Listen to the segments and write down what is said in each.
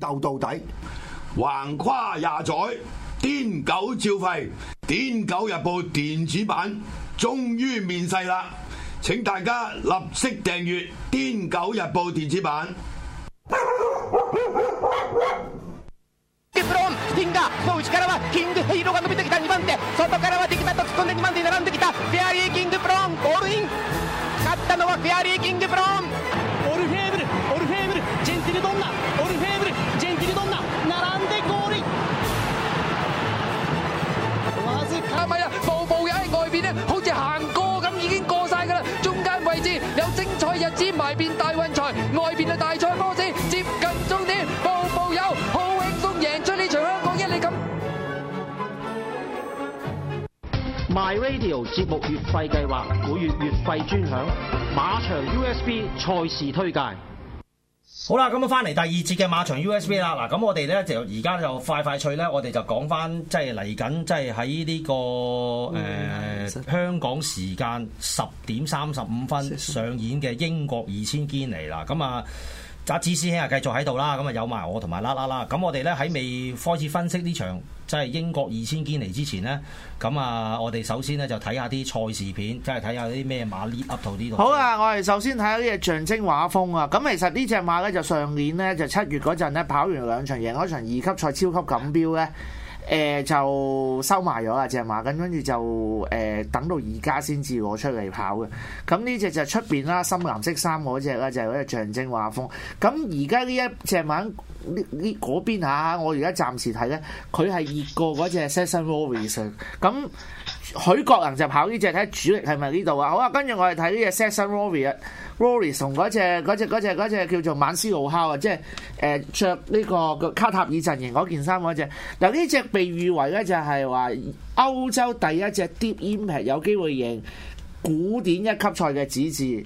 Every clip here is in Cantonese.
鬥到底，橫跨廿載，癲狗照吠。癲狗日報電子版終於面世啦，請大家立即訂閱癲狗日報電子版。好似行過咁，已經過晒噶啦。中間位置有精彩日子埋，便大運財，外邊係大菜波子，接近終點，步步有，好輕鬆贏出呢場香港一哩錦。My Radio 節目月費計劃，每月月費專享馬場 USB 賽事推介。好啦，咁啊，翻嚟第二節嘅馬場 USB 啦。嗱，咁我哋呢，就而家就快快脆呢，我哋就講翻，即係嚟緊，即係喺呢個誒、呃 mm, 香港時間十點三十五分上演嘅英國二千堅尼啦。咁啊～、mm. 扎子師兄啊，繼續喺度啦，咁啊有埋我同埋啦啦啦，咁我哋咧喺未開始分析呢場即係、就是、英國二千堅尼之前呢，咁啊我哋首先呢，就睇下啲賽事片，即係睇下啲咩馬 lead up 到呢度。好啊，我哋首先睇下呢隻象徵畫風啊，咁其實呢隻馬咧就上年呢，就七月嗰陣咧跑完兩場，贏咗場二級賽超級錦標呢。誒、呃、就收埋咗啊隻馬，跟跟住就誒、呃、等到而家先至攞出嚟跑嘅。咁呢隻就出邊啦，深藍色衫嗰隻啦，就係嗰隻象徵畫風。咁而家呢一隻馬呢呢嗰邊嚇，我而家暫時睇咧，佢係熱過嗰隻 Saxon Warrior 嘅。咁許國仁就跑呢隻睇主力係咪呢度啊？好啊，跟住我哋睇呢隻 Saxon Rory 啊，Rory 同嗰隻只只隻叫做曼斯奧考啊，即係誒著呢個個卡塔爾陣營嗰件衫嗰隻。嗱，呢隻被譽為咧就係，是，話歐洲第一隻 Deep Impact 有機會贏古典一級賽嘅指字。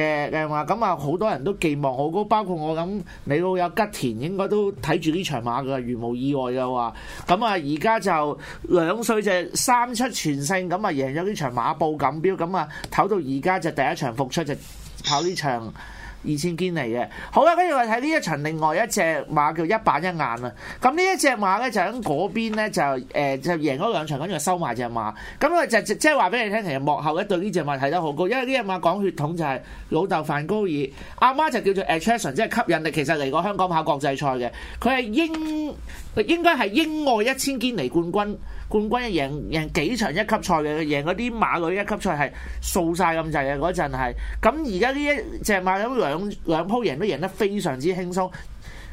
嘅嘅話，咁啊好多人都寄望好高，包括我咁，你老友吉田應該都睇住呢場馬㗎，如無意外嘅話，咁啊而家就兩歲只、就是、三出全勝，咁啊贏咗呢場馬步錦標，咁啊唞到而家就第一場復出就跑呢場。二千堅尼嘅，好啦、啊，跟住我睇呢一場另外一隻馬叫一板一眼啦。咁呢一隻馬咧就喺嗰邊咧就誒、呃、就贏咗兩場，跟住收埋隻馬。咁我就即係話俾你聽，其實幕後對一對呢隻馬睇得好高，因為呢隻馬講血統就係老豆梵高爾，阿媽就叫做 Attraction，即係吸引力。其實嚟過香港跑國際賽嘅，佢係英應該係英愛一千堅尼冠軍。冠軍贏贏幾場一級賽嘅，贏嗰啲馬女一級賽係掃晒咁滯嘅嗰陣係，咁而家呢一隻馬咁兩兩鋪贏都贏得非常之輕鬆，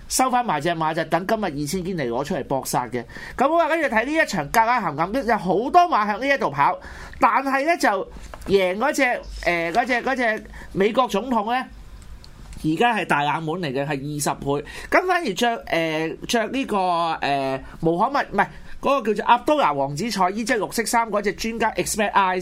收翻埋隻馬就等今日二千堅尼嚟攞出嚟搏殺嘅。咁我跟住睇呢一場格拉含暗，有好多馬向呢一度跑，但係咧就贏嗰隻誒隻隻美國總統咧，而家係大冷門嚟嘅，係二十倍。咁反而着誒着呢個誒無可物唔係。 2嗰個叫做阿多牙王子賽，依隻綠色衫嗰隻專家 Expert Eye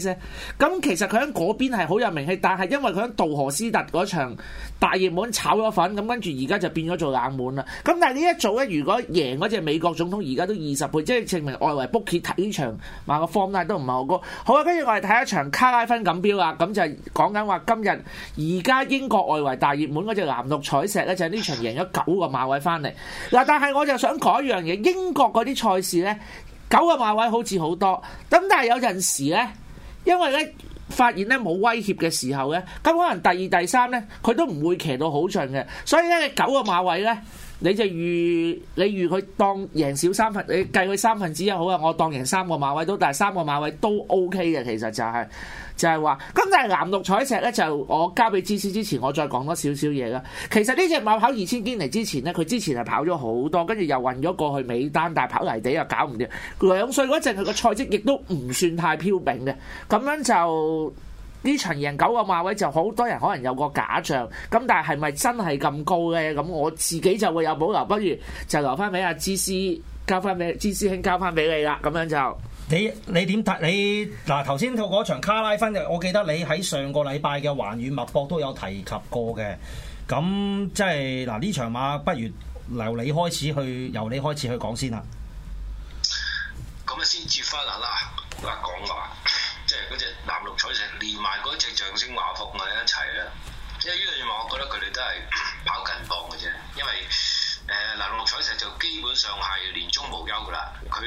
咁其實佢喺嗰邊係好有名氣，但係因為佢喺道河斯特嗰場大熱門炒咗粉，咁跟住而家就變咗做冷門啦。咁但係呢一組咧，如果贏嗰隻美國總統，而家都二十倍，即係證明外圍 bookie 睇呢場馬個 form 大都唔係好高。好啊，跟住我哋睇一場卡拉分錦標啊，咁就講緊話今日而家英國外圍大熱門嗰隻藍綠彩石咧，就喺、是、呢場贏咗九個馬位翻嚟。嗱，但係我就想講一樣嘢，英國嗰啲賽事咧。九個馬位好似好多，咁但係有陣時呢，因為呢發現呢冇威脅嘅時候呢，咁可能第二、第三呢，佢都唔會騎到好盡嘅，所以呢，九個馬位呢。你就預你預佢當贏少三分，你計佢三分之一好啊。我當贏三個馬位都，但係三個馬位都 O K 嘅。其實就係、是、就係、是、話，咁但係藍綠彩石咧，就我交俾芝士之前，我再講多少少嘢啦。其實呢隻馬跑二千堅尼之前呢，佢之前係跑咗好多，跟住又運咗過去尾單，但係跑泥地又搞唔掂。兩歲嗰陣佢個賽績亦都唔算太飄炳嘅，咁樣就。呢場贏九個馬位，就好多人可能有個假象，咁但係係咪真係咁高咧？咁我自己就會有保留，不如就留翻俾阿芝師，交翻俾芝師兄，交翻俾你啦。咁樣就你你點睇？你嗱頭先個嗰場卡拉分，嘅，我記得你喺上個禮拜嘅環宇脈搏都有提及過嘅。咁即係嗱呢場馬，不如由你開始去，由你開始去講先啦。咁樣先接翻啦，嗱講話。彩石連埋嗰隻象徵華僑咪一齊啦，即係呢樣嘢我覺得佢哋都係跑近磅嘅啫，因為誒嗱，藍綠、呃、彩石就基本上係年終無休噶啦，佢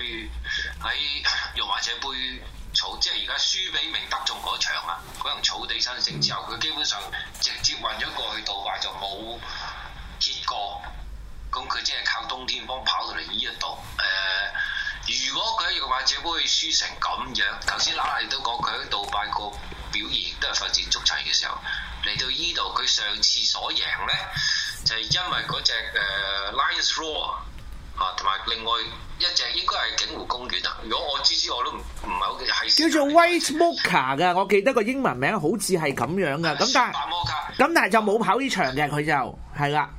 喺用埋隻杯草，即係而家輸俾明德中嗰場啊，嗰陣草地新勝之後，佢基本上直接運咗過去杜拜就冇跌過，咁佢即係靠冬天幫跑到嚟呢一度。誒、呃。如果佢若買這杯輸成咁樣，頭先拉拉都講佢喺度版局表現都係發展足齊嘅時候，嚟到依度佢上次所贏咧，就係、是、因為嗰隻誒、呃、Lions Raw 啊，同埋另外一隻應該係景湖公園啊。如果我知知我都唔唔係好記得係。叫做 White Moka 噶，我記得個英文名好似係咁樣噶。咁、啊、但係咁但係就冇跑呢場嘅佢就係啦。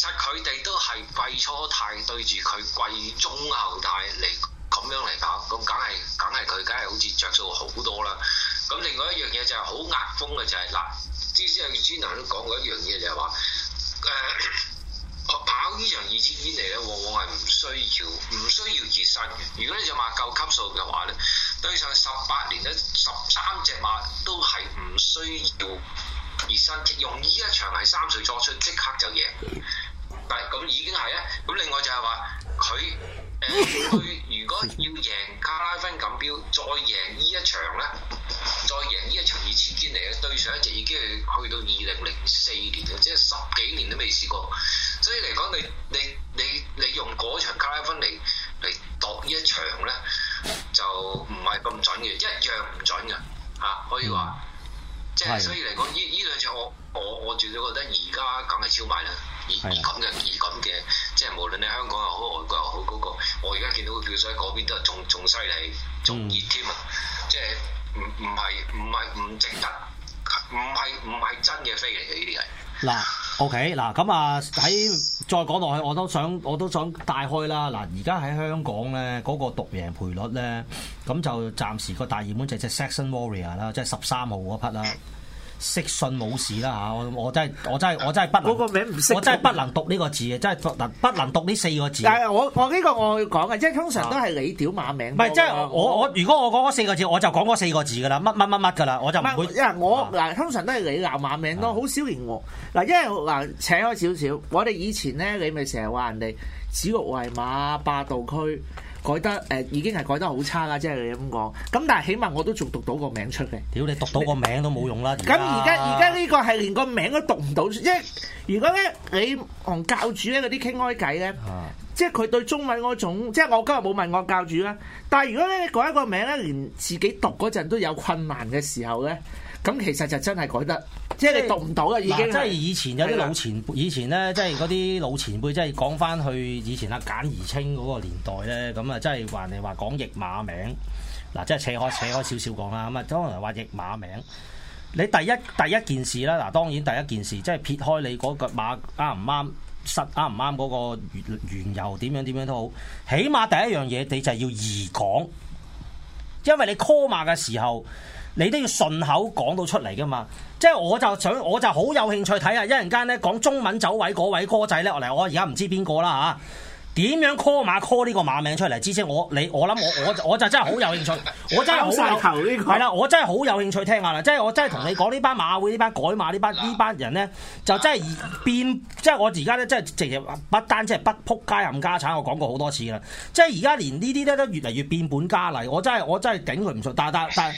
其實佢哋都係季初態對住佢季中後態嚟咁樣嚟跑，咁梗係梗係佢梗係好似着數好多啦。咁另外一樣嘢就係好壓風嘅就係、是、嗱，之前阿葉之能都講過一樣嘢就係、是、話，誒、呃、跑呢場二千堅尼嚟咧，往往係唔需要唔需要熱身嘅。如果你隻馬夠級數嘅話咧，對上十八年咧，十三隻馬都係唔需要熱身，用呢一場係三歲初出即刻就贏。但係咁已經係啊！咁另外就係話佢誒，佢、呃、如果要贏卡拉芬錦標，再贏呢一場咧，再贏呢一場二千堅尼嘅對上一隻已經係去到二零零四年啦，即係十幾年都未試過。所以嚟講你，你你你你用嗰場卡拉芬嚟嚟度呢一場咧，就唔係咁準嘅，一樣唔準嘅嚇、啊，可以話。即係所以嚟講，呢呢兩隻我我我絕對覺得而家梗係超買啦，而而而咁嘅而咁嘅，即係無論你香港又好，外國又好，嗰、嗰個我而家見到嘅票數喺嗰邊都係仲仲犀利，仲熱添啊！嗯、即係唔唔係唔係唔值得，唔係唔係真嘅飛嚟嘅呢啲係。嗱。O K，嗱咁啊，喺、okay, 再講落去，我都想我都想帶開啦。嗱，而家喺香港咧，嗰、那個獨贏賠率咧，咁就暫時個大熱門就係隻 Saxon Warrior 啦，即係十三號嗰匹啦。識信冇事啦嚇，我我真係我真係我真係不能，嗰個名唔識，我真係不能讀呢個字嘅，真係不能讀不能讀呢四個字。但係我我呢個我要講嘅，即係通常都係你屌馬名。唔係即係我我，我，我如果我講嗰四個字，我就講嗰四個字㗎啦，乜乜乜乜㗎啦，我就唔會。因為我嗱、啊、通常都係你鬧馬名我的點點，我好少認我。嗱，因為嗱扯開少少，我哋以前咧，你咪成日話人哋指鹿為馬、霸道區。改得誒、呃，已經係改得好差啦，即係你咁講。咁但係起碼我都仲讀到個名出嚟。屌，你讀到個名都冇用啦！咁而家而家呢個係連個名都讀唔到， 即係如果咧你同教主咧嗰啲傾開偈咧， 即係佢對中文嗰種，即係我今日冇問我教主啦。但係如果咧你改一個名咧，連自己讀嗰陣都有困難嘅時候咧。咁其實就真係改得，即係是你讀唔到啦已經、啊。即係以前有啲老前，以前咧即係嗰啲老前輩，的前即係講翻去以前阿簡而清嗰個年代咧，咁啊即係話你哋話講譯馬名，嗱、啊、即係扯開扯開少少講啦。咁啊，通常話譯馬名，你第一第一件事啦，嗱、啊、當然第一件事即係撇開你嗰個馬啱唔啱，實啱唔啱嗰個原原由點樣點樣都好，起碼第一樣嘢你就係要易講，因為你 call 馬嘅時候。你都要順口講到出嚟噶嘛？即係我就想，我就好有興趣睇下、啊。一陣間咧講中文走位嗰位哥仔咧，我嚟我而家唔知邊個啦吓，點、啊、樣 call 馬 call 呢個馬名出嚟？至少我你我諗我我就我就真係好有興趣， 我真係好曬頭呢個係啦，我真係好有興趣聽下啦、啊！即係我真係同你講呢班馬會呢班改馬 呢班呢班人咧，就真係變即係我而家咧，真係直情不單即係不撲街冚家產，我講過好多次啦！即係而家連呢啲咧都越嚟越變本加厲，我真係我真係頂佢唔順，但但但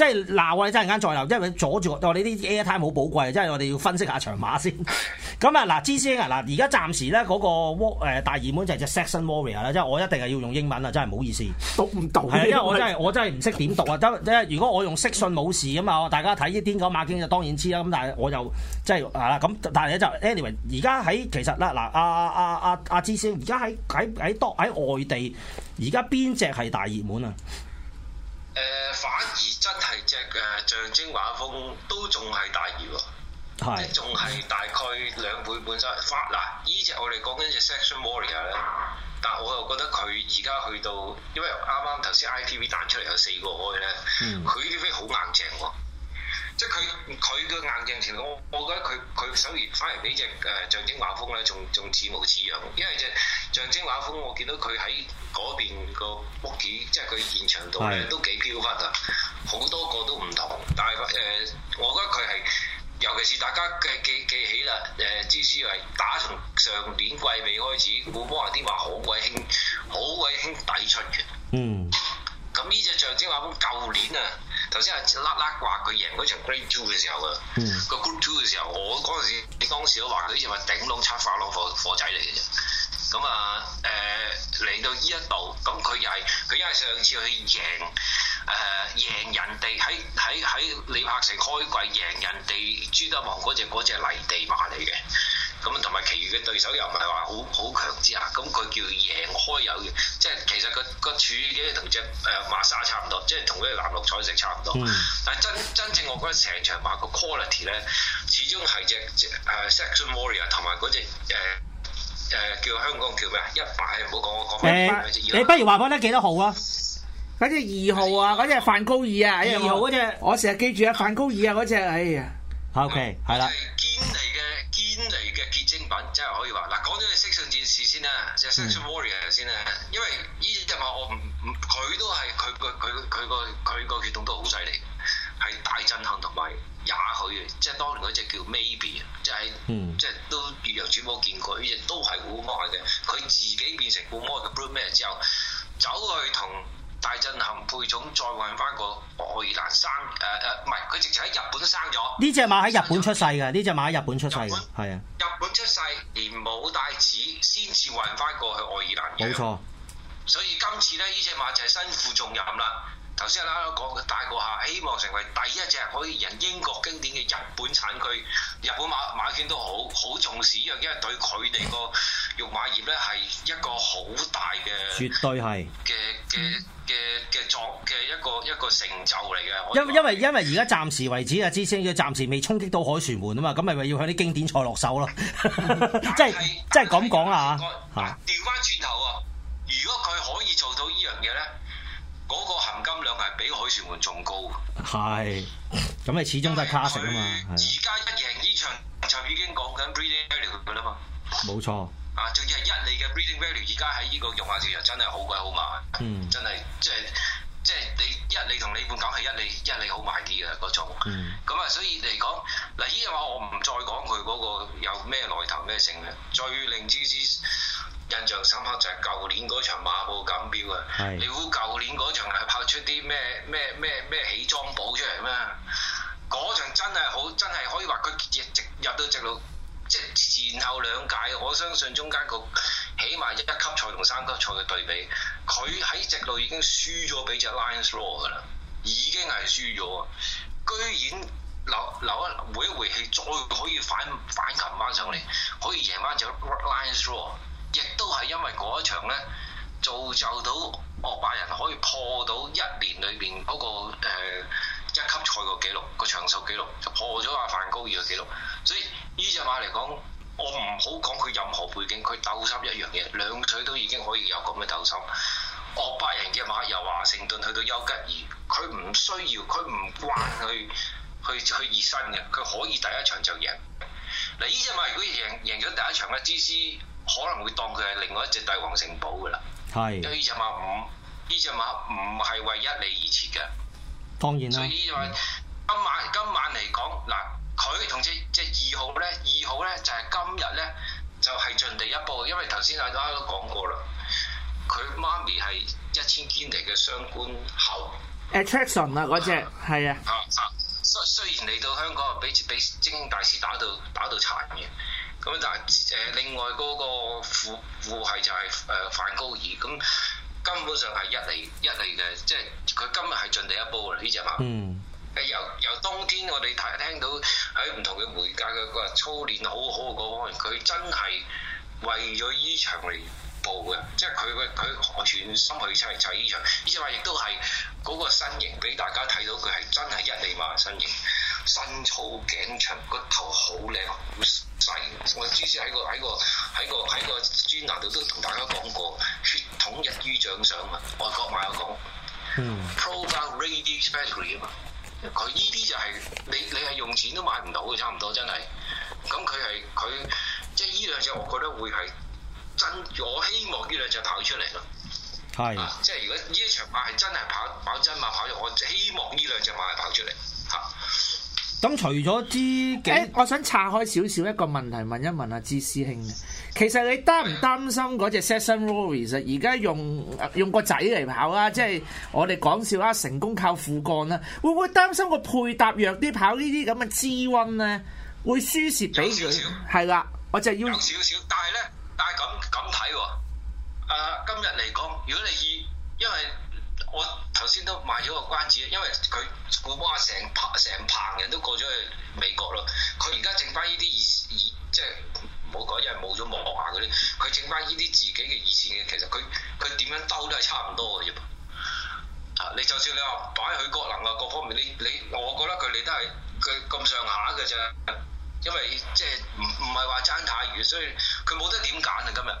即係鬧我，哋真係間再鬧，因為阻住我。我話啲 airtime 好寶貴，即係我哋要分析下場馬先、 嗯。咁啊，嗱，知超啊，嗱，而家暫時咧嗰個大熱門就係隻 Saxon Warrior 啦。即係我一定係要用英文啊，真係唔好意思讀唔到。係啊，因為我真係我真係唔識點讀啊。即係不如果我用識信冇事啊嘛，大家睇癲狗馬經就當然知啦。咁但係我又即係啊咁，但係咧就，、啊、就 anyway，而家喺其實嗱嗱阿阿阿阿知超，而家喺喺喺多喺外地，而家邊隻係大熱門啊？誒、呃、反而真係隻誒象徵畫風都仲係大二喎、啊，Hi. 即仲係大概兩倍本身發。法嗱，依隻我哋講緊隻 Saxon Warrior 咧，但係我又覺得佢而家去到，因為啱啱頭先 ITV 彈出嚟有四個開咧，佢啲啲好硬淨喎、啊。即係佢佢嘅硬淨前，我我覺得佢佢首頁翻嚟呢隻誒、呃、象徵畫風咧，仲仲似模似樣。因為隻象徵畫風，我見到佢喺嗰邊個屋企，即係佢現場度咧都幾飄忽啊！好多個都唔同，但係誒、呃，我覺得佢係，尤其是大家記記記起啦誒，呃、之思維打從上年季尾開始，古巴人啲話好鬼興好鬼興抵出嘅。嗯，咁呢隻象徵畫風舊年啊！頭先係甩甩話佢贏嗰場 grade two 嘅時候啊，個 group two 嘅時候，我嗰陣時，你當時都話佢好似咪頂籠七發籠火火仔嚟嘅啫。咁啊，誒、呃、嚟到呢一度，咁佢又係佢因為上次去贏誒贏人哋喺喺喺李柏城開季贏人哋朱德王嗰隻嗰隻泥地馬嚟嘅。咁同埋其餘嘅對手又唔係話好好強之下，咁佢叫贏開有嘅，即係其實個個柱嘅同隻誒馬沙差唔多，即係同嗰啲藍綠彩石差唔多。但係真真正我覺得成場馬個 quality 咧，始終係隻誒 Saxon Warrior 同埋嗰隻誒誒叫香港叫咩啊？一百唔好講，我講翻誒你不如話翻得幾多號啊？嗰隻二號啊，嗰隻梵高二啊，二麼號嗰隻。我成日記住啊，梵高二啊嗰隻，哎呀 O K，係啦。Okay, 嗯件事先啦，即係 Saxon Warrior》先啦，因為呢隻馬我唔唔，佢都係佢個佢佢個佢個血統都好犀利，係大震撼同埋也許，即係當年嗰隻叫 Maybe，、就是嗯、即係即係都粵語主播見過呢隻都係古魔嘅，佢自己變成古魔嘅 broodmare 之後走去同。大進行配種，再運翻個愛爾蘭生誒誒，唔係佢直接喺日本生咗。呢隻馬喺日本出世嘅，呢隻馬喺日本出世嘅，啊本。的日本出世，連母帶子，先至運翻過去愛爾蘭。冇錯。所以今次咧，呢隻馬就係身負重任啦。頭先啱講大個下，希望成為第一隻可以贏英國經典嘅日本產區。日本馬馬圈都好好重視呢樣，因為對佢哋個。 玉馬葉咧係一個好大嘅，絕對係嘅嘅嘅嘅作嘅一個一個成就嚟嘅。因因為因為而家暫時為止啊，知星佢暫時未衝擊到凱旋門嘛、嗯、 啊嘛，咁咪咪要向啲經典賽落手咯，即係即係咁講啊吓吓。掉返轉頭啊，如果佢可以做到呢樣嘢咧，嗰個含金量係比凱旋門仲高嘅。係，咁你始終都係 Classic 啊嘛，而家一贏呢場就已經講緊 three zero 啦嘛，冇錯。啊！仲要係一你嘅 breeding value，而家喺呢個用下字又真係好鬼好慢，mm. 真係即係即係你一你同你冠講係一你一你好慢啲嘅嗰種，咁啊、mm. 嗯、所以嚟講，嗱依樣話我唔再講佢嗰個有咩來頭咩性嘅，最令之之印象深刻就係舊年嗰場馬步錦標啊，是你估舊年嗰場係跑出啲咩咩咩咩起裝寶出嚟咩？嗰場真係好，真係可以話佢直入到直路。即前後兩屆，我相信中間個起碼一級賽同三級賽嘅對比，佢喺直路已經輸咗俾隻 Lions Law 噶啦，已經係輸咗啊！居然留留一每一回合氣再可以反反擒翻上嚟，可以贏翻隻 Lions Law，亦都係因為嗰一場咧造就到，哦，奧巴人可以破到一年裏邊嗰個、呃、一級賽個記錄個長壽記錄，就破咗阿范高爾嘅記錄，所以。呢隻馬嚟講，我唔好講佢任何背景，佢鬥心一樣嘢，兩腿都已經可以有咁嘅鬥心。岳伯仁嘅馬由華盛頓去到丘吉爾，佢唔需要，佢唔慣去去去熱身嘅，佢可以第一場就贏。嗱，呢隻馬如果贏贏咗第一場嘅，芝士可能會當佢係另外一隻帝王城堡㗎啦。係是。因為呢隻馬唔呢隻馬唔係為一哩而設嘅。當然啦。所以話今晚今晚嚟講嗱。佢同隻即係二號咧，二號咧就係今日咧就係盡地一步。因為頭先大家都講過啦。佢媽咪係一千堅嚟嘅雙冠后 Attraction 啊，只係啊，啊的，雖雖然嚟到香港俾俾精英大師打到打到殘嘅，咁但係誒另外嗰個父父系就係誒梵高二，咁根本上係一嚟一嚟嘅，即係佢今日係盡地一步啦呢隻馬。由由冬天我哋睇聽到喺唔同嘅媒介嘅話，操練好好嘅嗰方，佢真係為咗依場嚟報嘅，即係佢佢佢全心去砌就係依場。呢隻話亦都係嗰個身形俾大家睇到，佢係真係一米馬身形，身粗頸長，個頭好靚好細。我之前喺個喺個喺個喺個專欄度都同大家講過，血統日於掌上啊！外國馬我講嗯，profile radio especially 啊嘛。佢呢啲就係、是、你你係用錢都買唔到嘅，差唔多真係。咁佢係佢即係呢兩隻，我覺得會係真。我希望呢兩隻跑出嚟咯。係是、啊。即係如果呢一場馬係真係跑跑真馬跑出，我希望呢兩隻馬係跑出嚟嚇。咁、啊嗯、除咗朱嘅，我想岔開少少一個問題問一問阿、啊、朱師兄。其實你擔唔擔心嗰隻 Saxon Warrior 而家用用個仔嚟跑啊？即係我哋講笑啊，成功靠副竿啊，會唔會擔心個配搭弱啲跑呢啲咁嘅滋温咧？會輸蝕俾佢係啦，我就要少少，但係咧，但係咁咁睇喎。今日嚟講，如果你以因為我頭先都賣咗個關子，因為佢哇成棚成棚人都過咗去美國咯，佢而家剩返呢啲意二即係。唔好講，因為冇咗磨下嗰啲，佢剩翻呢啲自己嘅二線嘅，其實佢佢點樣兜都係差唔多嘅啫。啊，你就算你話擺佢各能啊，各方面，你你，我覺得佢哋都係佢咁上下嘅啫。因為即係唔唔係話爭太遠，所以佢冇得點揀，嗯嗯、啊！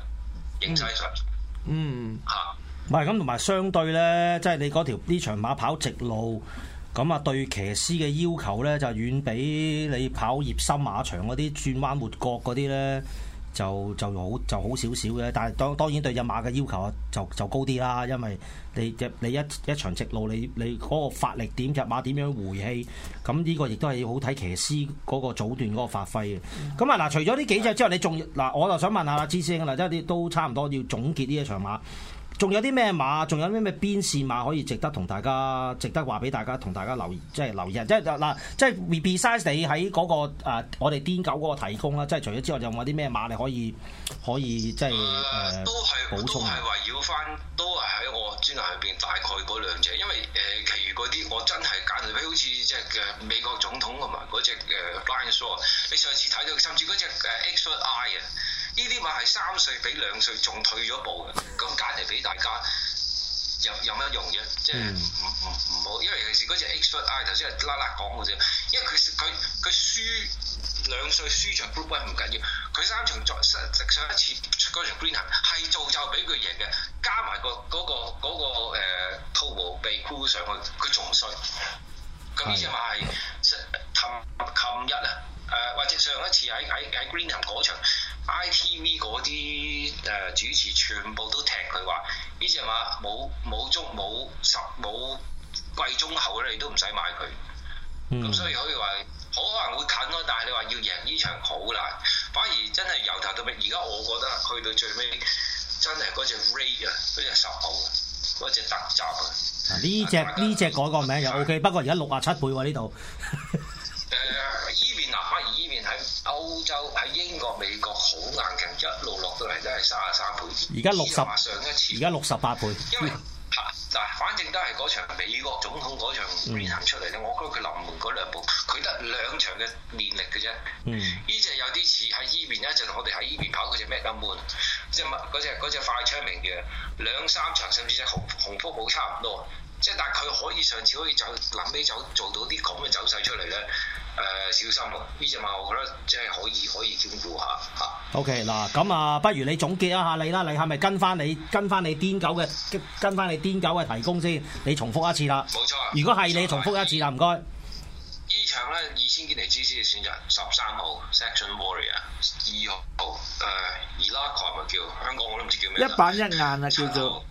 今日贏曬出，嗯嚇。唔係咁，同埋相對咧，即係你嗰條呢場馬跑直路。咁啊，對騎師嘅要求咧，就遠比你跑葉森馬場嗰啲轉彎抹角嗰啲咧，就就好就好少少嘅。但係當當然對隻馬嘅要求啊，就就高啲啦，因為你只你一一場直路，你你嗰個發力點，隻馬點樣回氣，咁呢個亦都係好睇騎師嗰個組段嗰個發揮嘅。咁啊、嗯，嗱，除咗呢幾隻之外，你仲嗱，我就想問下阿芝師兄啦，即係都差唔多要總結呢一場馬。仲有啲咩馬？仲有啲咩邊線馬可以值得同大家，值得話俾大家，同大家留，意、就是留意，即係留意。即係嗱、啊，即係 besides 你喺嗰個我哋癲狗嗰個提供啦。即係除咗之外，仲有啲咩馬你可以可以即係、啊、都係是補充，係圍繞翻，都係喺我專欄入邊大概嗰兩隻。因為誒、呃，其餘嗰啲我真係揀嚟俾，好似隻嘅美國總統同埋嗰隻誒 l i n s e r 你上次睇到，甚至嗰隻 Expert Eye 啊。呢啲咪係三歲比兩歲仲退咗步嘅，咁解嚟俾大家有有乜用啫？即係唔唔唔好，嗯、因為尤其是嗰隻 x f l u d 啊頭先係 LakLak 講嘅啫。因為佢佢佢輸兩歲輸場 group 唔緊要，佢三場再上上一次嗰場 Greenham 係造就俾佢贏嘅，加埋、嗰個嗰、嗰個嗰、嗰個 t o w 被箍上去，佢仲衰。咁呢啲咪係近近日啊，誒或者上一次喺喺喺 Greenham 嗰場。I T V 嗰啲誒主持全部都踢佢話，呢隻馬冇冇足冇十冇貴中口，咧，你都唔使買佢。咁、嗯、所以可以話，好可能會近咯。但係你話要贏呢場好難，反而真係由頭到尾。而家我覺得去到最尾，真係嗰隻 Ray 啊，嗰隻十號、啊，嗰隻特集啊。呢隻呢隻改個名就 O K，不過而家六啊七倍喎呢度。 誒依邊嗱，呃、而依邊喺歐洲喺英國、美國好硬勁，一路落到嚟都係三十三倍。而家六十，啊，上一次，而家六十八倍。因為嗱、嗯啊，反正都係嗰場美國總統嗰場連贏、嗯、出嚟咧，我覺得佢臨門嗰兩步，佢得兩場嘅練力嘅啫。嗯，依隻有啲似喺依邊一陣，我哋喺依邊跑嗰隻咩？c d 即係嗰隻只快槍明嘅，兩三場甚至係紅紅福寶差唔多。即係但係佢可以上次可以走，臨尾走做到啲咁嘅走勢出嚟咧。誒、呃、小心咯！呢隻馬，我覺得即係可以可以兼顧下嚇。啊、OK，嗱咁啊，不如你總結一下你啦，你係咪跟翻你跟翻你癲狗嘅跟跟翻你癲狗嘅提供先？你重複一次啦。冇錯、啊。如果係你、啊、重複一次啦，唔該。場呢場咧二千堅尼嘅選擇，十三號 Saxon Warrior，二號誒二拉克係咪叫？香港我都唔知叫咩。一板一眼啊，叫做。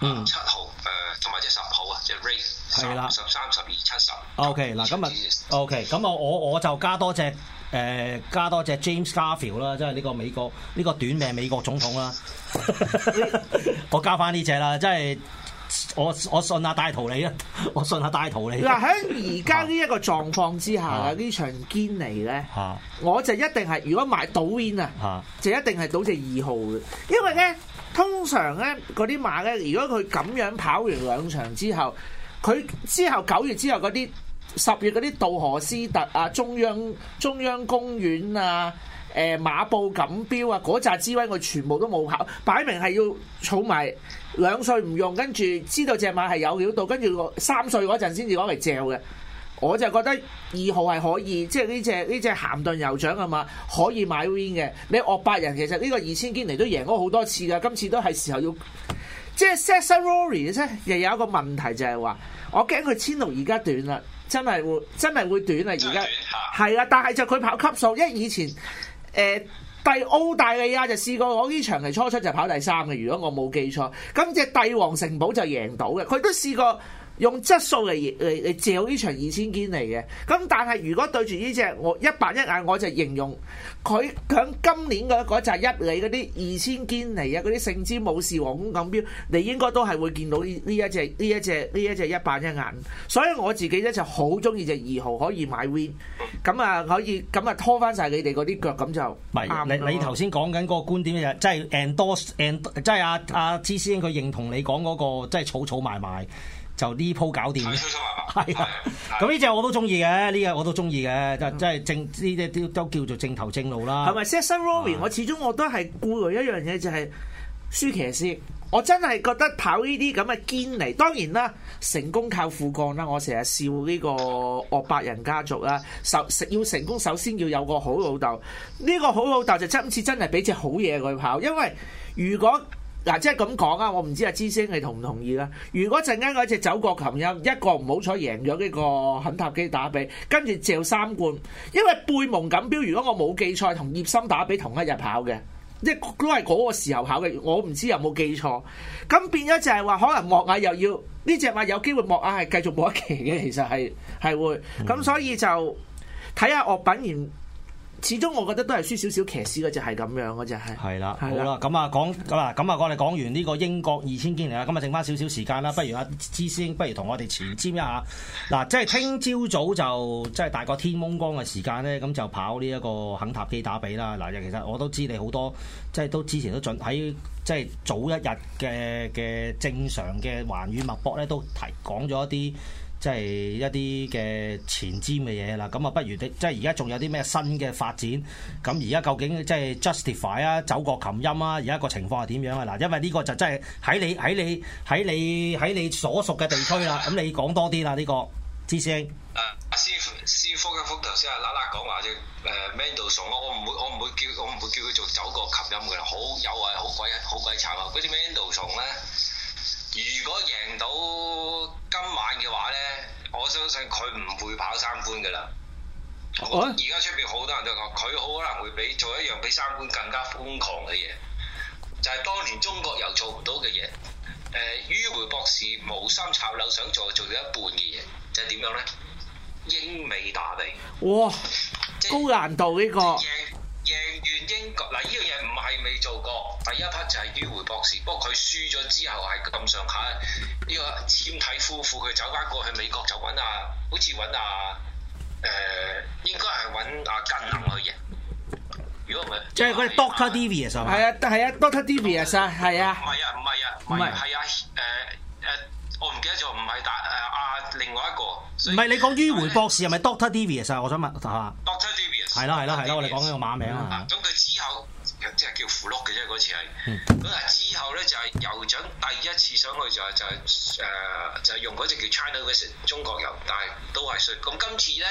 Mm. 嗯，七號誒，同埋隻十號啊，隻 rate 係啦，十三十二七十。O K 嗱今日 O K，咁啊我我就加多隻誒加多隻 James Garfield 啦，即係呢個美國呢個短命美國總統啦，我加翻呢隻啦，即係我我信阿大圖你啊，我信阿大圖你。嗱喺而家呢一個狀況之下、啊、場堅呢場堅尼咧，啊、我就一定係如果買賭 win 啊，就一定係賭隻二號嘅，因為咧。通常咧嗰啲馬咧，如果佢咁樣跑完兩場之後，佢之後九月之後嗰啲十月嗰啲道何斯特啊、中央中央公園啊、誒馬步錦標啊嗰扎之威，佢全部都冇跑，擺明係要儲埋兩歲唔用，跟住知道隻馬係有料到，跟住三歲嗰陣先至攞嚟錘嘅。我就覺得二號係可以，即係呢隻呢隻鹹頓酋長吖嘛，可以買 win 嘅。你岳伯仁其實呢個二千堅尼都贏咗好多次嘅，今次都係時候要。即係 Sasori 咧，又有一個問題就係話，我驚佢千六而家短啦，真係會真係會短啦而家。係啦， 但係就佢跑級數，因為以前誒第澳大利亞就試過我呢場係初出就跑第三嘅，如果我冇記錯。咁隻帝王城堡就贏到嘅，佢都試過。用質素嚟嚟嚟借呢場二千堅尼嘅，咁但係如果對住呢隻我一板一眼，我就形容佢響今年嘅嗰集一哩嗰啲二千堅尼啊，嗰啲聖之武士王宮錦標，你應該都係會見到呢呢一隻呢一隻呢一隻一板一眼。所以我自己咧就好中意隻二號可以買 win，咁啊可以咁啊拖翻晒你哋嗰啲腳，咁就啱。你你頭先講緊嗰個觀點就即係 endorse，即係阿阿芝師兄佢認同你講嗰、嗰個即係、即係、草草埋埋。就呢鋪搞掂，係 啊！咁呢隻我都中意嘅，呢隻我都中意嘅，就真係正呢啲都都叫做正頭正路啦。係咪？Season Rory，我始終我都係顧慮一樣嘢，就係、是、舒騎師。我真係覺得跑呢啲咁嘅堅尼，當然啦，成功靠父幹啦。我成日笑呢個奧拜仁家族啦，首要成功，首先要有個好老豆。呢、這個好老豆就今次真係俾隻好嘢佢跑，因為如果。嗱、啊，即係咁講啊，我唔知阿之星你同唔同意啦。如果陣間嗰隻走過琴音，一個唔好彩贏咗呢個肯塔基打比，跟住掉三冠，因為貝蒙錦標，如果我冇記錯，同葉森打比同一日跑嘅，即係都係嗰個時候跑嘅，我唔知有冇記錯。咁變咗就係話，可能莫雅又要呢隻馬有機會莫雅係繼續冇一期嘅，其實係係會咁，嗯、所以就睇下樂品然。始終我覺得都係輸少少騎師嗰隻係咁樣嘅，就係、是。係啦的，的好啦，咁啊講嗱，咁啊我哋講完呢個英國二千堅尼嚟啦，咁啊剩翻少少時間啦，不如阿芝師兄不如同我哋前瞻一下嗱、啊，即係聽朝早就即係大個天蒙光嘅時間咧，咁、嗯、就跑呢一個肯塔基打比啦。嗱、啊，其實我都知你好多，即係都之前都準喺即係早一日嘅嘅正常嘅環宇脈搏咧，都提講咗一啲。即係一啲嘅前瞻嘅嘢啦，咁啊不如即係而家仲有啲咩新嘅發展？咁而家究竟即係 justify 啊，走過琴音啊，而家個情況係點樣啊？嗱，因為呢個就真係喺你喺你喺你喺你所屬嘅地區啦。咁你講多啲啦，呢、這個知識。誒，師師傅嘅師傅先啊啦啦講話隻誒 Mendel 蟲啊，son，我唔會我唔會叫我唔會叫佢做走過琴音嘅，好有啊，好鬼好鬼慘啊！嗰啲 Mendel 蟲咧。如果贏到今晚嘅話咧，我相信佢唔會跑三冠嘅啦。我覺得而家出面好多人都講，佢好可能會比做一樣比三冠更加瘋狂嘅嘢，就係當年中國又做唔到嘅嘢。誒，迂迴博士無心插柳想做做咗一半嘅嘢，就係點樣咧？英美打比，哇，即高難度呢個。贏完英國嗱，呢樣嘢唔係未做過。第一 part 就係迂回博士，不過佢輸咗之後係咁上下。呢個簽體夫婦佢走翻過去美國就揾啊，好似揾啊誒、呃，應該係揾啊近能去贏。如果唔係，即係嗰個 Doctor Devious 啊？係啊，係啊，Doctor Devious 啊，係啊。唔係 Div 啊，唔係啊，唔係、啊，係阿誒誒，我唔記得咗，唔係打誒阿另外一個。唔係你講迂回博士係咪 Doctor Devious 啊？Devious, 我想問下。 係啦，係啦，係啦，我哋講呢個馬名啊。咁佢之後即係叫符碌嘅啫，嗰、嗯嗯嗯、次係。咁啊，之後咧就係酋長第一次上去就係、是、就係、是、誒、呃、就係、是、用嗰隻叫 China 嘅中國遊，但係都係輸。咁、嗯、今、嗯、次咧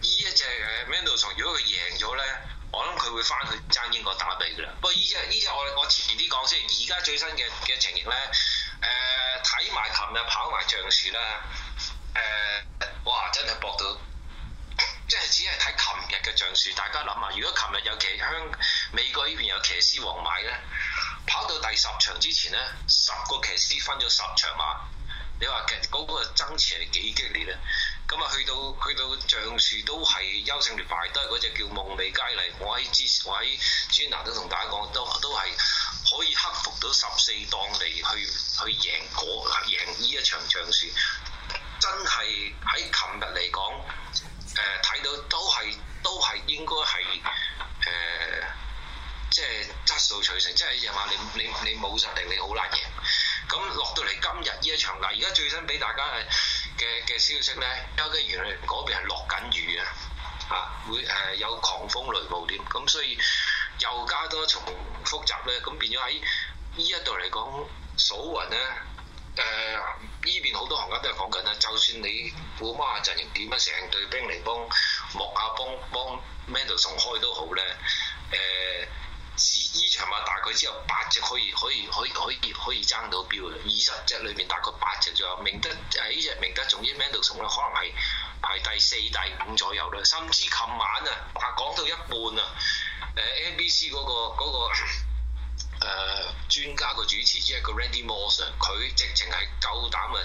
呢一隻誒 Mendelssohn，如果佢贏咗咧，我諗佢會翻去爭英國打比㗎啦。不過呢隻呢隻我我遲啲講先。而家最新嘅嘅情形咧，誒睇埋琴日跑埋橡樹啦，誒、呃、哇真係搏到！即係只係睇琴日嘅橡樹，大家諗下，如果琴日有騎香美國呢邊有騎師王買咧，跑到第十場之前咧，十個騎師分咗十場馬，你話騎嗰個爭持係幾激烈咧？咁啊，去到去到橡樹都係優勝劣敗，都係嗰隻叫夢美佳麗。我喺之前，我喺朱娜都同大家講，都都係可以克服到十四檔嚟去去贏嗰贏呢一場橡樹，真係喺琴日嚟講。誒睇、呃、到都係都係應該係誒、呃，即係質素取勝， 即係話你你你冇實力你好難贏。咁、嗯、落到嚟今日呢一場嚟，而家最新俾大家嘅嘅嘅消息咧，原來嗰邊係落緊雨啊，啊會誒、呃、有狂風雷暴點，咁、嗯、所以又加多重複雜咧，咁變咗喺呢一度嚟講數雲咧。誒呢、呃、邊好多行家都係講緊啦，就算你估古摩亞陣營點樣啊，成隊兵嚟幫莫雅幫幫 Mendelson 開都好咧。誒、呃，此呢場話大概只有八隻可以可以可以可以可以，可以爭到標，二十隻裏面大概八隻，仲有明德喺呢隻明德仲於 Mendelson 咧，on, 可能係排第四第五左右啦。甚至琴晚啊，話講到一半啊，誒 NBC 嗰個嗰個。那個誒、呃、專家個主持，即係個 Randy Moss，佢直情係夠膽啊！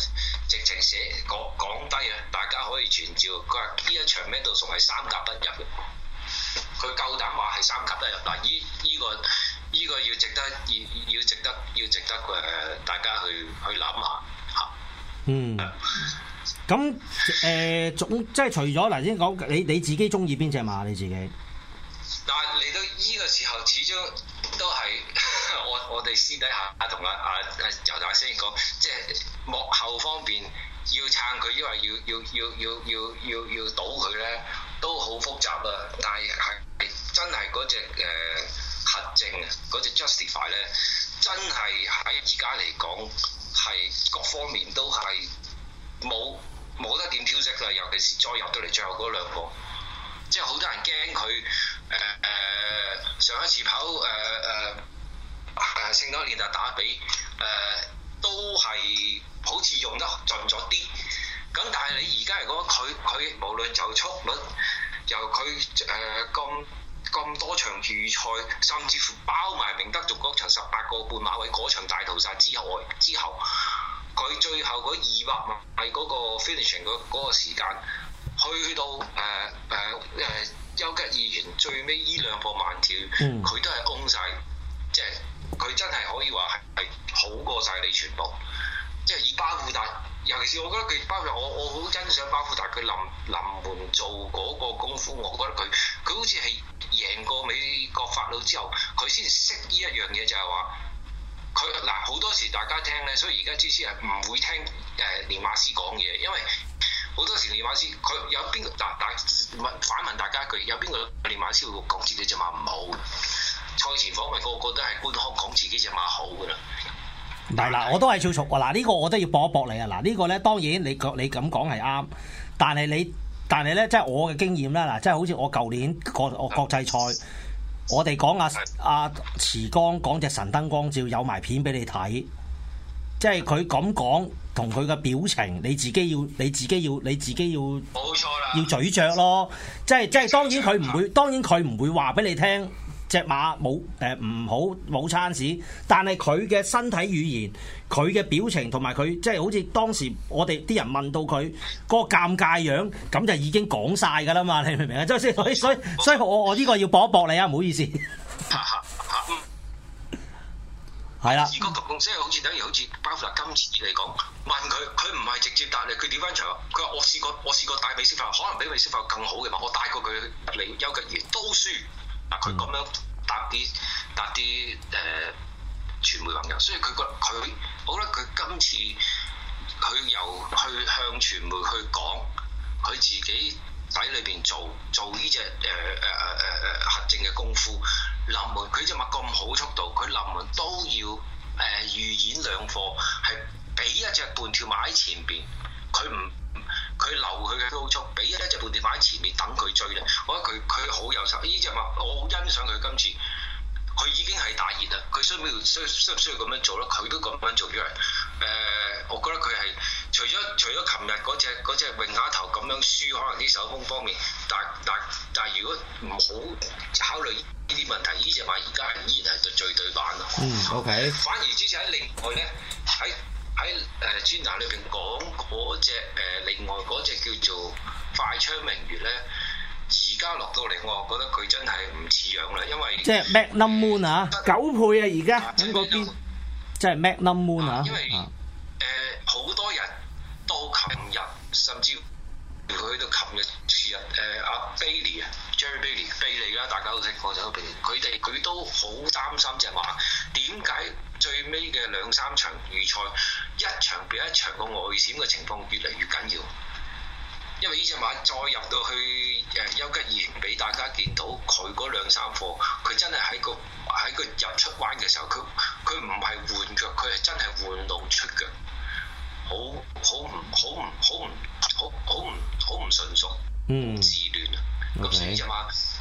直情寫講講低啊，大家可以傳照，佢話呢一場咩度屬係三甲不入嘅，佢夠膽話係三甲不入。嗱，呢依、這個依、這個要值得，要值得，要值得誒、呃、大家去去諗下嚇。嗯。咁誒、 呃、總即係除咗嗱先講，你你自己中意邊隻馬你自己？但係嚟到呢個時候，始終。 我哋私底下同阿阿阿尤達先講，即係幕後方面要撐佢，因為要要要要要要要倒佢咧，都好複雜是是、那個、啊！但係係真係嗰隻誒核證啊，嗰、那、隻、個、justify 咧，真係喺而家嚟講係各方面都係冇冇得點挑剔啦，尤其是再入到嚟最後嗰兩、那個，即係好多人驚佢誒誒上一次跑誒誒。呃呃誒，聖多利達打比誒、呃，都係好似用得盡咗啲。咁但係你而家嚟講佢佢無論就速率，由佢誒咁咁多場預賽，甚至乎包埋明德族嗰場十八個半馬位嗰場大屠殺之，之後，之後佢最後嗰二百萬係嗰個 finishing 嗰嗰，嗰個時間，去到誒誒誒休吉議員最尾依兩個萬條，佢都係攻晒。即係。佢真係可以話係係好過晒你全部，即係以巴富達，尤其是我覺得佢，包括我，我好欣賞巴富達佢臨臨門做嗰個功夫，我覺得佢佢好似係贏過美國法老之後，佢先識呢一樣嘢就係話，佢嗱好多時大家聽咧，所以而家支持人唔會聽誒、呃、練馬師講嘢，因為好多時練馬師佢有邊個嗱，大反問大家佢有邊個練馬師會講自己嘅馬唔好？賽前訪問個個都係官腔講自己隻馬好噶啦，係嗱，我都係最熟，啊！嗱，呢個我都要搏一搏你啊！嗱、這個，呢個咧當然你覺你咁講係啱，但係你但係咧即係我嘅經驗啦嗱，即係好似我舊年講、嗯、我國際賽，我哋講阿阿池江講隻神燈光照有埋片俾你睇，即係佢咁講同佢嘅表情，你自己要你自己要你自己要，冇錯啦，嗯、要咀嚼咯，即係即係當然佢唔會，當然佢唔會話俾你聽。隻馬冇，誒，唔好冇餐屎，但係佢嘅身體語言、佢嘅表情同埋佢即係好似當時我哋啲人問到佢嗰個尷尬樣，咁就已經講晒㗎啦嘛，你明唔明啊？即係所以所以所以，所以我我呢個要搏一搏你啊，唔好意思。係 啊。二哥同即係好似等如好似包括今次嚟講問佢，佢唔係直接答你，佢點翻場，佢話我試過我試過帶美師傅，可能比美師傅更好嘅嘛，我帶過佢嚟邱吉爾都輸。嗱，佢咁樣答啲答啲誒傳媒朋友，所以佢覺佢，好啦佢今次佢又去向傳媒去講，佢自己喺裏邊做做呢隻誒誒誒誒誒核證嘅功夫，臨門佢就冇咁好速度，佢臨門都要誒、呃、預演兩課，係俾一隻半條馬喺前邊，佢唔。佢留佢嘅高速，俾一隻半對板喺前面等佢追咧。我覺得佢佢好有心，呢隻馬我好欣賞佢今次。佢已經係大熱啦，佢需唔需要需唔需要咁樣做咧？佢都咁樣做咗。誒，我覺得佢係除咗除咗琴日嗰隻嗰隻泳下頭咁樣輸，可能啲手工方面，但但但如果唔好考慮呢啲問題，呢隻馬而家依然係最對板咯。嗯，OK。反而之前喺另外咧喺。喺誒、呃、專欄裏邊講嗰隻誒另外嗰隻叫做《快槍明月》咧，而家落到嚟，我覺得佢真係唔似樣啦，因為即係 Magnum Moon 啊，呃、九倍啊而家喺嗰邊，真係 Magnum Moon 啊，因為誒好、啊呃、多人都琴日甚至佢喺度琴日，次日誒阿 Bailey 啊 Bailey，Jerry Bailey Bailey 啦，大家都聽過咗。佢哋佢都好擔心，就係話點解？最尾嘅兩三場預賽，一場比一場個外閃嘅情況越嚟越緊要，因為呢隻馬再入到去誒丘、呃、吉爾俾大家見到佢嗰兩三課，佢真係喺個喺個入出彎嘅時候，佢佢唔係換腳，佢係真係換到出腳，好好唔好唔好唔好好唔好唔順熟，信嗯，自亂啊，咁所以隻馬。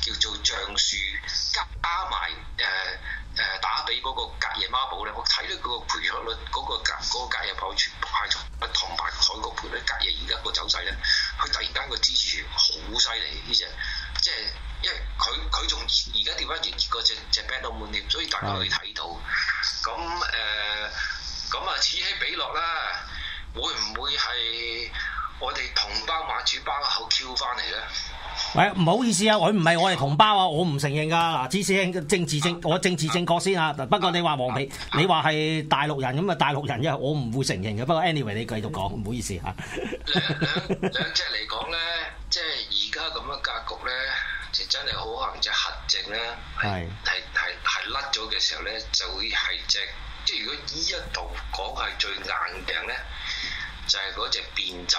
叫做橡樹加埋誒誒打俾嗰個隔夜孖寶咧，我睇到嗰個賠率嗰、嗰個隔嗰、嗰個、隔夜跑全排除阿唐伯海角賠率隔夜而家個走勢咧，佢突然間個支持好犀利呢隻，即係因為佢佢仲而家跌翻完個隻只 back 到滿點，所以大家可以睇到。咁誒咁啊此起彼落啦，會唔會係我哋同胞馬主包口 Q 翻嚟咧？喂，唔好意思啊，佢唔係我哋同胞啊，我唔承認噶。嗱，至少政治正我政治正確先啊。不過你話黃皮，你話係大陸人咁啊，大陸人因為我唔會承認嘅。不過 anyway 你繼續講，唔好意思吓、啊。兩兩兩隻嚟講咧，即係而家咁嘅格局咧，就真係好可能隻核證咧係係係係甩咗嘅時候咧，就會係隻即係如果依一度講係最硬頸咧，就係嗰隻變質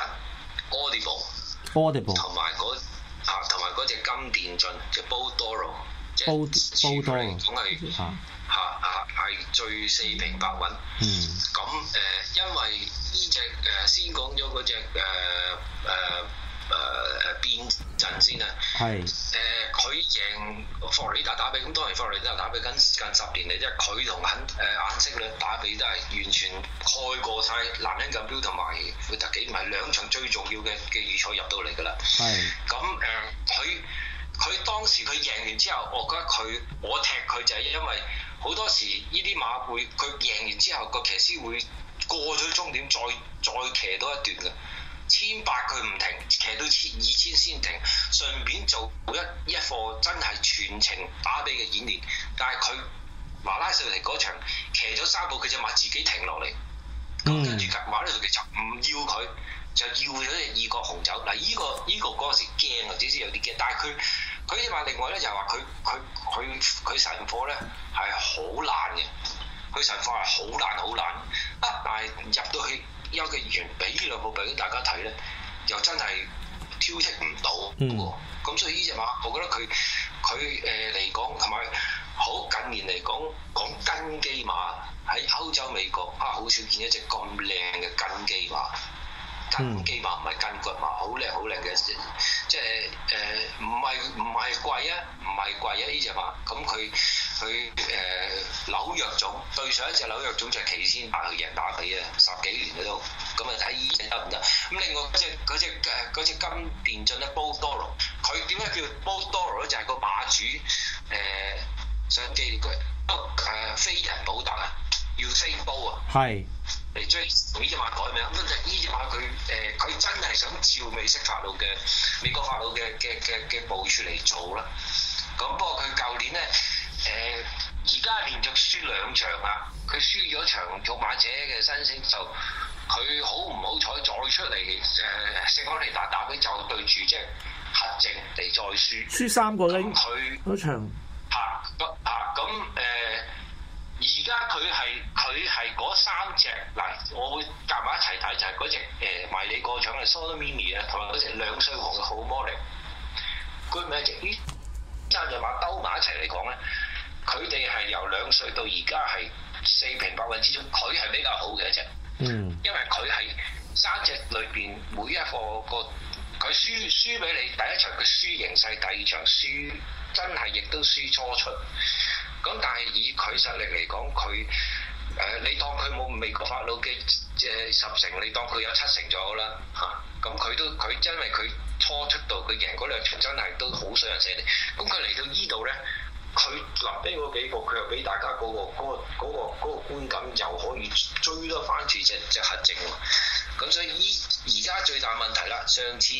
Audible，Audible 同埋嗰。啊，同埋嗰隻金殿俊，隻 Baldoro 即係出嚟，總係嚇嚇啊，啊係最四平八穩。嗯，咁誒、呃，因為呢隻誒，先講咗嗰隻誒誒。呃呃誒誒變陣先啊！係誒佢贏佛羅里達打比，咁當然佛羅里達打比近近十年嚟，即係佢同眼誒、呃、眼色咧打比都係完全蓋過晒、er。男人嘅標，同埋佢特幾唔係兩場最重要嘅嘅預賽入到嚟㗎啦。係咁誒，佢佢、呃、當時佢贏完之後，我覺得佢我踢佢就係因為好多時呢啲馬會佢贏完之後個騎師會過咗終點再再騎多一段㗎。千八佢唔停，騎到千二千先停，順便做每一一課真係全程打底嘅演練。但係佢馬拉松嗰場騎咗三步，佢就話自己停落嚟。咁跟住馬拉松就唔要佢，就要咗隻二國紅酒。嗱、這個，依、這個依個嗰陣時驚啊，點知有啲驚。但係佢佢就話另外咧，就係話佢佢佢佢神駒咧係好爛嘅，佢神駒係好爛好爛啊！但係入到去。優嘅業員俾呢兩部俾大家睇咧，又真係挑剔唔到。咁所以呢隻馬，我覺得佢佢誒嚟講同埋好近年嚟講講根基馬喺歐洲美國啊，好少見一隻咁靚嘅根基馬。根基馬唔係根骨馬，好靚好靚嘅，即係誒唔係唔係貴啊，唔係貴啊！呢隻馬咁佢。嗯佢誒、呃、紐約總對上一隻紐約總就奇先佢贏打佢啊！十幾年都咁啊，睇依隻得唔得？咁另外即係嗰隻誒嗰隻金變進咧，波多羅佢點解叫波多羅咧？就係個馬主誒想記佢不誒飛人保特啊，要飛波啊，係嚟追同依隻馬改名。咁就依隻馬佢誒佢真係想照美式法老嘅美國法老嘅嘅嘅嘅部署嚟做啦。咁不過佢舊年咧。誒而家連續輸兩場啦，佢輸咗場做馬者嘅新星就佢好唔好彩？再出嚟誒、呃，勝安利打打尾就對住隻核靜地再輸，輸三個零。咁佢嗰場咁個咁誒，而家佢係佢係嗰三隻嗱，我會夾埋一齊睇就係嗰隻誒迷你個場嘅 Solomini 啊，同埋嗰隻兩歲皇嘅好魔力 Good Magic，即係就話兜埋一齊嚟講咧。佢哋係由兩歲到而家係四平八穩之中，佢係比較好嘅一隻，嗯、因為佢係三隻裏邊每一個個佢輸輸俾你第一場佢輸形勢，第二場輸真係亦都輸初出，咁但係以佢實力嚟講，佢誒、呃、你當佢冇美國法老嘅誒十成，你當佢有七成咗啦嚇，咁佢都佢因為佢初出到佢贏嗰兩場真係都好上上你，咁佢嚟到呢度咧。佢立低嗰幾個，佢又俾大家嗰、那個嗰、那個嗰、那個那個、觀感，又可以追得翻住隻隻核證喎。咁所以依而家最大問題啦。上次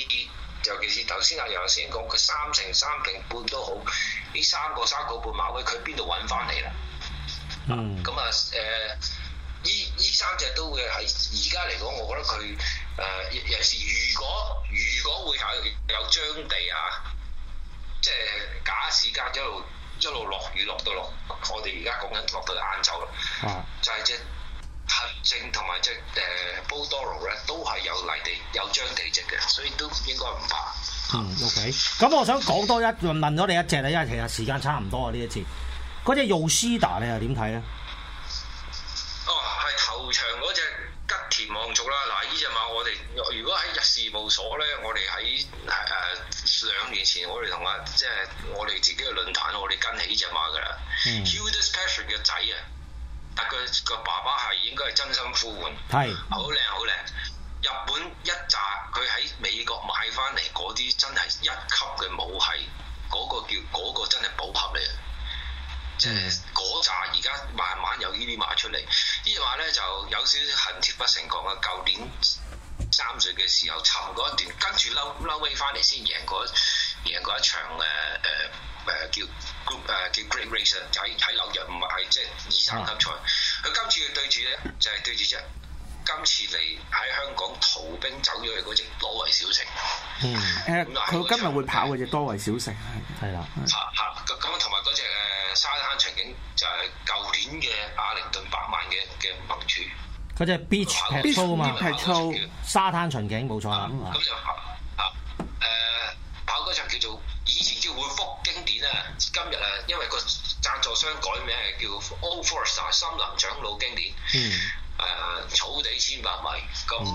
尤其是頭先阿楊生講，佢三成三成半都好，呢三個三個半馬位，佢邊度揾翻嚟啦？咁啊誒，依依、呃、三隻都會喺而家嚟講，我覺得佢誒有時如果如果會有有張地啊，即係假時間一路。一路落雨落到落，我哋而家講緊落到晏晝咯。就係隻行政同埋隻誒波多羅咧，都係有泥地有張地積嘅，所以都應該唔怕。嗯，OK。咁我想講多一問咗你一隻啦，因為其實時間差唔多啊呢一次。嗰隻奧斯達你又點睇咧？事務所咧，我哋喺誒兩年前，我哋同阿即係我哋自己嘅論壇，我哋跟起呢隻馬噶啦。Huda Special 嘅仔啊，但佢個爸爸係應該係真心呼喚，係好靚好靚。日本一紮佢喺美國買翻嚟嗰啲真係一級嘅母系，嗰、那個叫嗰、那個真係寶盒嚟，嗯、即係嗰扎而家慢慢有呢啲馬出嚟，呢隻馬咧就有少少恨鐵不成鋼啊！舊年。三歲嘅時候，沉嗰一段，跟住嬲嬲尾翻嚟先贏過贏過一場誒誒誒叫 group 誒叫 Grade Race 就，就係，啊！喺喺紐約唔係喺即係二三級賽。佢今次對住咧就係，係，對住即今次嚟喺香港逃兵走咗嘅嗰隻多維小城。嗯誒，佢今日會跑嘅隻多維小城係係啦。嚇嚇咁咁同埋嗰隻誒沙灘場景就係舊年嘅阿靈頓百萬嘅嘅名次。嗰隻 beach petco 沙灘巡景冇錯啦。咁就啊誒跑嗰場叫做以前叫活福經典啊，今日啊因為個贊助商改名係叫 all forest 森林長老經典。嗯。誒草地千百米，咁誒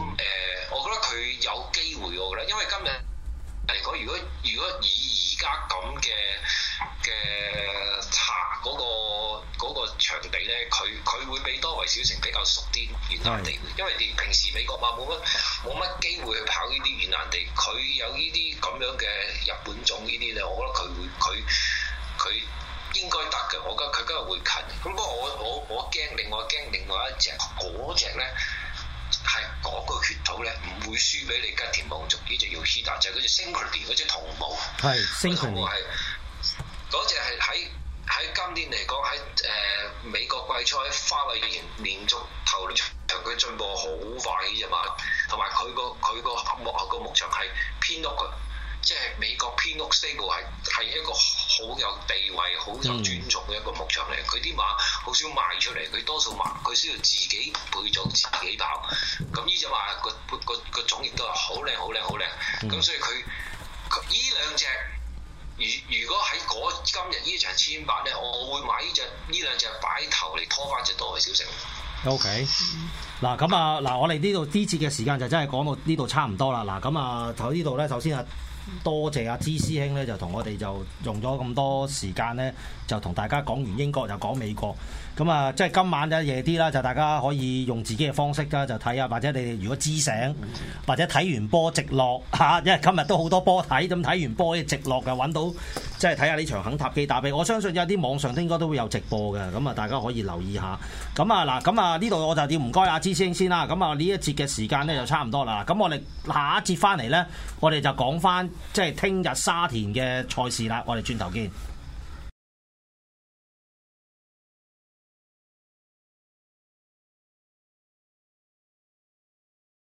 我覺得佢有機會我覺得，因為今日嚟講，如果如果以而家咁嘅嘅茶嗰個嗰個場地咧，佢佢會比多維小城比較熟啲原難地，因為你平時美國嘛冇乜冇乜機會去跑呢啲原難地，佢有呢啲咁樣嘅日本種呢啲咧，我覺得佢佢佢應該得嘅，我覺得佢今日會近。咁不過我我我驚，另外驚另外一隻嗰隻咧。係嗰個血統咧，唔會輸俾你吉田望族呢隻姚思達，就係嗰隻 Synergy 嗰隻同毛。係，銅毛係嗰隻係喺喺今年嚟講喺誒美國季喺花費連續投場，佢進步好快嘅嘛。同埋佢個佢個幕後個牧場係 Pin Oak 嘅，即係美國 Pin Oak stable 係係一個。好有地位、好有尊重嘅一個牧場嚟，佢啲馬好少賣出嚟，佢多數賣佢需要自己配種、自己跑。咁呢隻馬個個個種亦都係好靚、好靚、好靚。咁所以佢呢兩隻，如如果喺今日呢場千八咧，我會買呢隻呢兩隻擺頭嚟拖翻隻袋小城。O K，嗱咁啊，嗱、啊、我哋呢度呢節嘅時間就真係講到呢度差唔多啦。嗱咁啊，喺呢度咧，首先啊～多謝阿芝師兄咧，就同我哋就用咗咁多時間咧，就同大家講完英國，就講美國。咁啊，即係今晚啊夜啲啦，就大家可以用自己嘅方式啦，就睇下。或者你如果知醒，或者睇完波直落嚇，因為今日都好多波睇，咁睇完波咧直落就揾到，即係睇下呢場肯塔基打比。我相信有啲網上應該都會有直播嘅，咁啊大家可以留意下。咁啊嗱，咁啊呢度我就要唔該阿芝師兄先啦。咁啊呢一節嘅時間咧就差唔多啦。咁我哋下一節翻嚟咧，我哋就講翻。即係聽日沙田嘅賽事啦，我哋轉頭見。